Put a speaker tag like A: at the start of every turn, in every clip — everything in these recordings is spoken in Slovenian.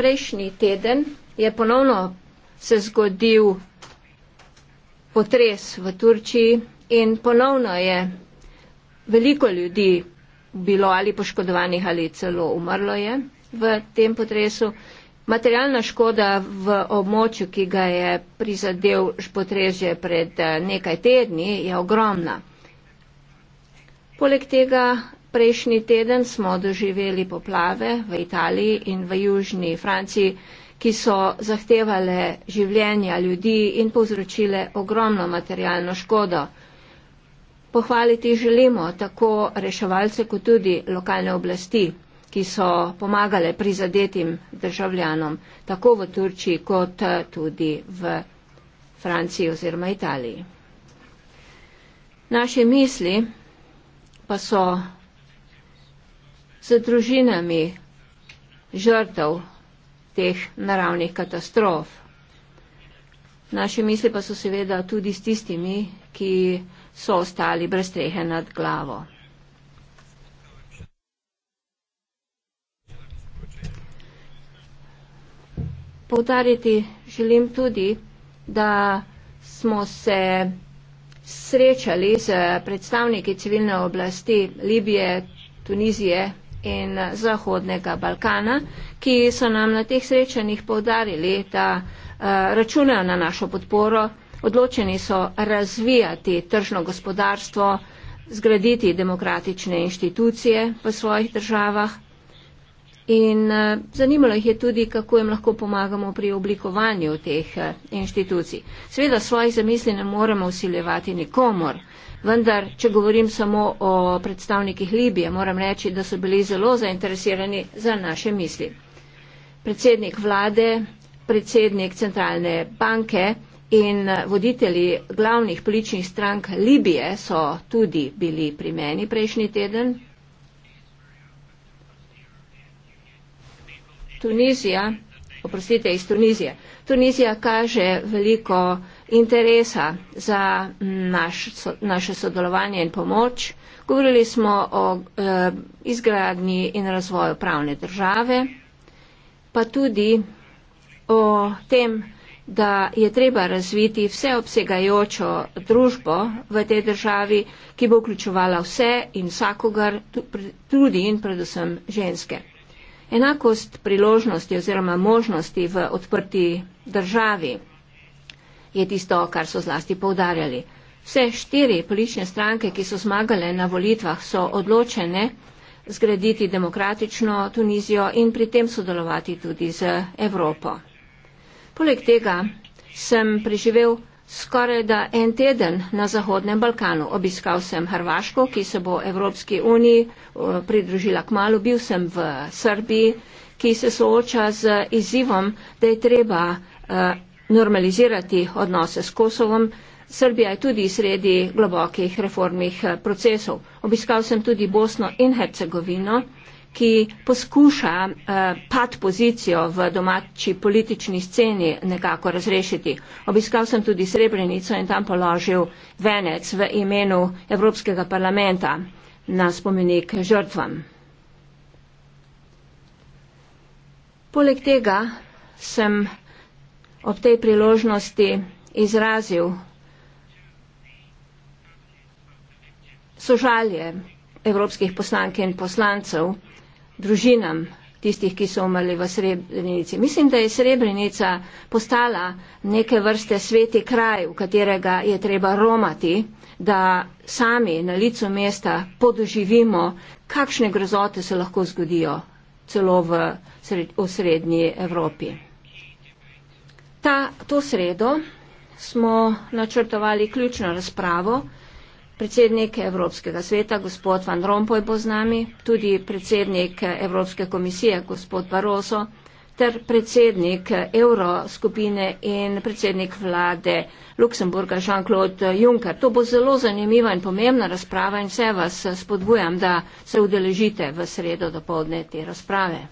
A: prejšnji teden je ponovno se zgodil potres v Turčiji in ponovno je veliko ljudi bilo ali poškodovanih ali celo umrlo je v tem potresu. Materialna škoda v območju, ki ga je prizadel potres že pred eh, nekaj tedni, je ogromna. Poleg tega Prejšnji teden smo doživeli poplave v Italiji in v Južni Franciji, ki so zahtevale življenja ljudi in povzročile ogromno materialno škodo. Pohvaliti želimo tako reševalce, kot tudi lokalne oblasti, ki so pomagale prizadetim državljanom, tako v Turčiji, kot tudi v Franciji oziroma Italiji. Naše misli pa so z družinami žrtev teh naravnih katastrof. Naše misli pa so seveda tudi s tistimi, ki so ostali brez strehe nad glavo. Povdariti želim tudi, da smo se srečali z predstavniki civilne oblasti Libije, Tunizije, in Zahodnega Balkana, ki so nam na teh srečanjih povdarili, da eh, računajo na našo podporo, odločeni so razvijati tržno gospodarstvo, zgraditi demokratične inštitucije v svojih državah. In eh, zanimalo jih je tudi, kako jim lahko pomagamo pri oblikovanju teh eh, inštitucij. Sveda svojih zamisli ne moremo usiljevati nikomor, Vendar, če govorim samo o predstavnikih Libije, moram reči, da so bili zelo zainteresirani za naše misli. Predsednik vlade, predsednik centralne banke in voditelji glavnih političnih strank Libije so tudi bili pri meni prejšnji teden. Tunizija, oprostite, iz Tunizije. Tunizija kaže veliko interesa za naš, so, naše sodelovanje in pomoč. Govorili smo o eh, izgradnji in razvoju pravne države, pa tudi o tem, da je treba razviti vseobsegajočo družbo v tej državi, ki bo vključovala vse in vsakogar, tudi in predvsem ženske. Enakost priložnosti oziroma možnosti v odprti državi je tisto, kar so zlasti povdarjali. Vse štiri politične stranke, ki so zmagale na volitvah, so odločene zgraditi demokratično Tunizijo in pri tem sodelovati tudi z Evropo. Poleg tega sem preživel skoraj da en teden na Zahodnem Balkanu. Obiskal sem Hrvaško, ki se bo Evropski uniji eh, pridružila k malu. Bil sem v Srbiji, ki se sooča z izzivom, da je treba eh, normalizirati odnose s Kosovom. Srbija je tudi sredi globokih reformnih eh, procesov. Obiskal sem tudi Bosno in Hercegovino, ki poskuša eh, pad pozicijo v domači politični sceni nekako razrešiti. Obiskal sem tudi Srebrenico in tam položil venec v imenu Evropskega parlamenta na spomenik žrtvam. Poleg tega sem ob tej priložnosti izrazil sožalje evropskih poslank in poslancev družinam tistih, ki so umrli v Srebrenici. Mislim, da je Srebrenica postala neke vrste sveti kraj, v katerega je treba romati, da sami na licu mesta podoživimo, kakšne grozote se lahko zgodijo celo v srednji Evropi. Ta, to sredo smo načrtovali ključno razpravo. Predsednik Evropskega sveta, gospod Van Rompuy, bo z nami, tudi predsednik Evropske komisije, gospod Barroso, ter predsednik Euroskupine in predsednik vlade Luksemburga, Jean-Claude Juncker. To bo zelo zanimiva in pomembna razprava in vse vas spodbujam, da se udeležite v sredo dopoledne te razprave.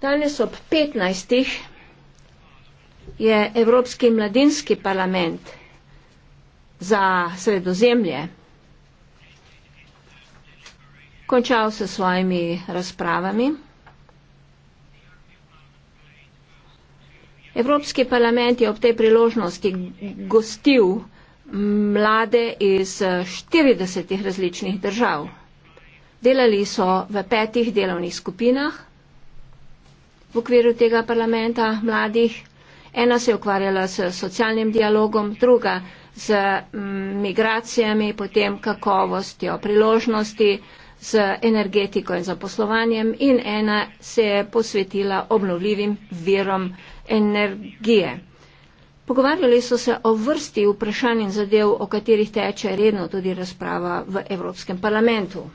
A: Danes ob 15. je Evropski mladinski parlament za sredozemlje končal se svojimi razpravami. Evropski parlament je ob tej priložnosti gostil mlade iz 40 različnih držav. Delali so v petih delovnih skupinah v okviru tega parlamenta mladih. Ena se je ukvarjala s socialnim dialogom, druga z mm, migracijami, potem kakovostjo priložnosti, z energetiko in zaposlovanjem in ena se je posvetila obnovljivim virom energije. Pogovarjali so se o vrsti vprašanj in zadev, o katerih teče redno tudi razprava v Evropskem parlamentu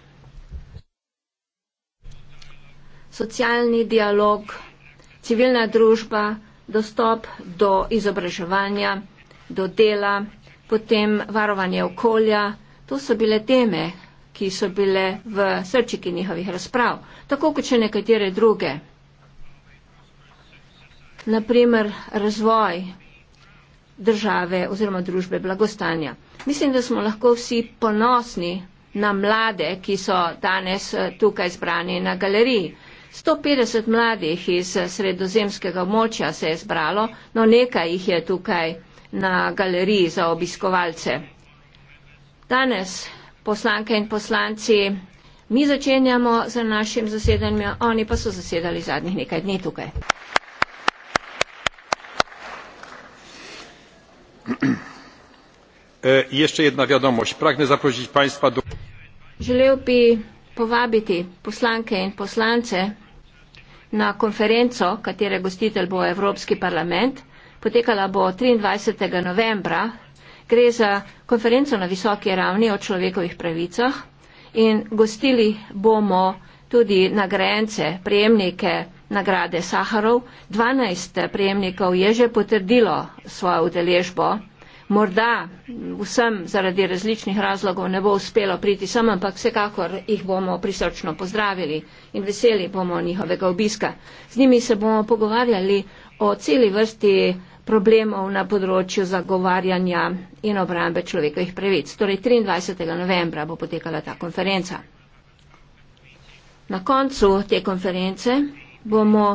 A: socialni dialog, civilna družba, dostop do izobraževanja, do dela, potem varovanje okolja. To so bile teme, ki so bile v srčiki njihovih razprav, tako kot še nekatere druge. Naprimer, razvoj države oziroma družbe blagostanja. Mislim, da smo lahko vsi ponosni na mlade, ki so danes eh, tukaj zbrani na galeriji. 150 mladih iz sredozemskega območja se je zbralo, no nekaj jih je tukaj na galeriji za obiskovalce. Danes poslanke in poslanci, mi začenjamo z našim zasedanjem, oni pa so zasedali zadnjih nekaj dni tukaj. E, jeszcze jedna wiadomość. Pragnę zaprosić Państwa do. Żelełby powabić posłankę i posłance na konferenco, katere gostitelj bo Evropski parlament. Potekala bo 23. novembra. Gre za konferenco na visoki ravni o človekovih pravicah in gostili bomo tudi nagrajence, prejemnike nagrade Saharov. 12 prejemnikov je že potrdilo svojo udeležbo morda vsem zaradi različnih razlogov ne bo uspelo priti sem, ampak vsekakor jih bomo prisrčno pozdravili in veseli bomo njihovega obiska. Z njimi se bomo pogovarjali o celi vrsti problemov na področju zagovarjanja in obrambe človekovih pravic. Torej 23. novembra bo potekala ta konferenca. Na koncu te konference bomo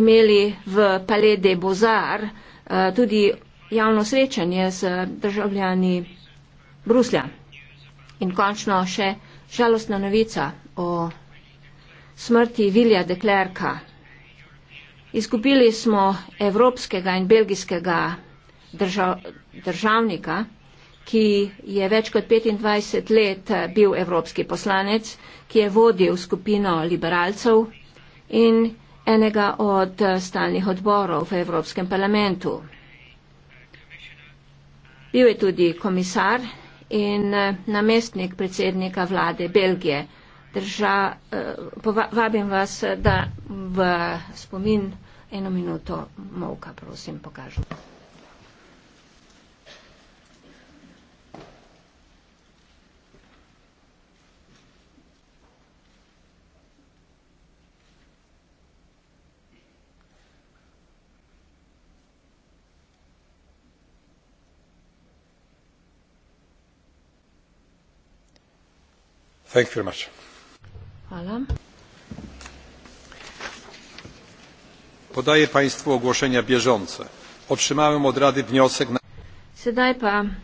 A: imeli v Palais de Bozar uh, eh, tudi javno srečanje z državljani Bruslja. In končno še žalostna novica o smrti Vilja Deklerka. Izgubili smo evropskega in belgijskega držav, državnika, ki je več kot 25 let bil evropski poslanec, ki je vodil skupino liberalcev in enega od stalnih odborov v Evropskem parlamentu. Bil je tudi komisar in eh, namestnik predsednika vlade Belgije. Drža, eh, vabim vas, eh, da v spomin eno minuto molka, prosim, pokažem. Thank you very much. Hvala. Podaję Państwu ogłoszenia bieżące. Otrzymałem od Rady wniosek na... Sedaj pa.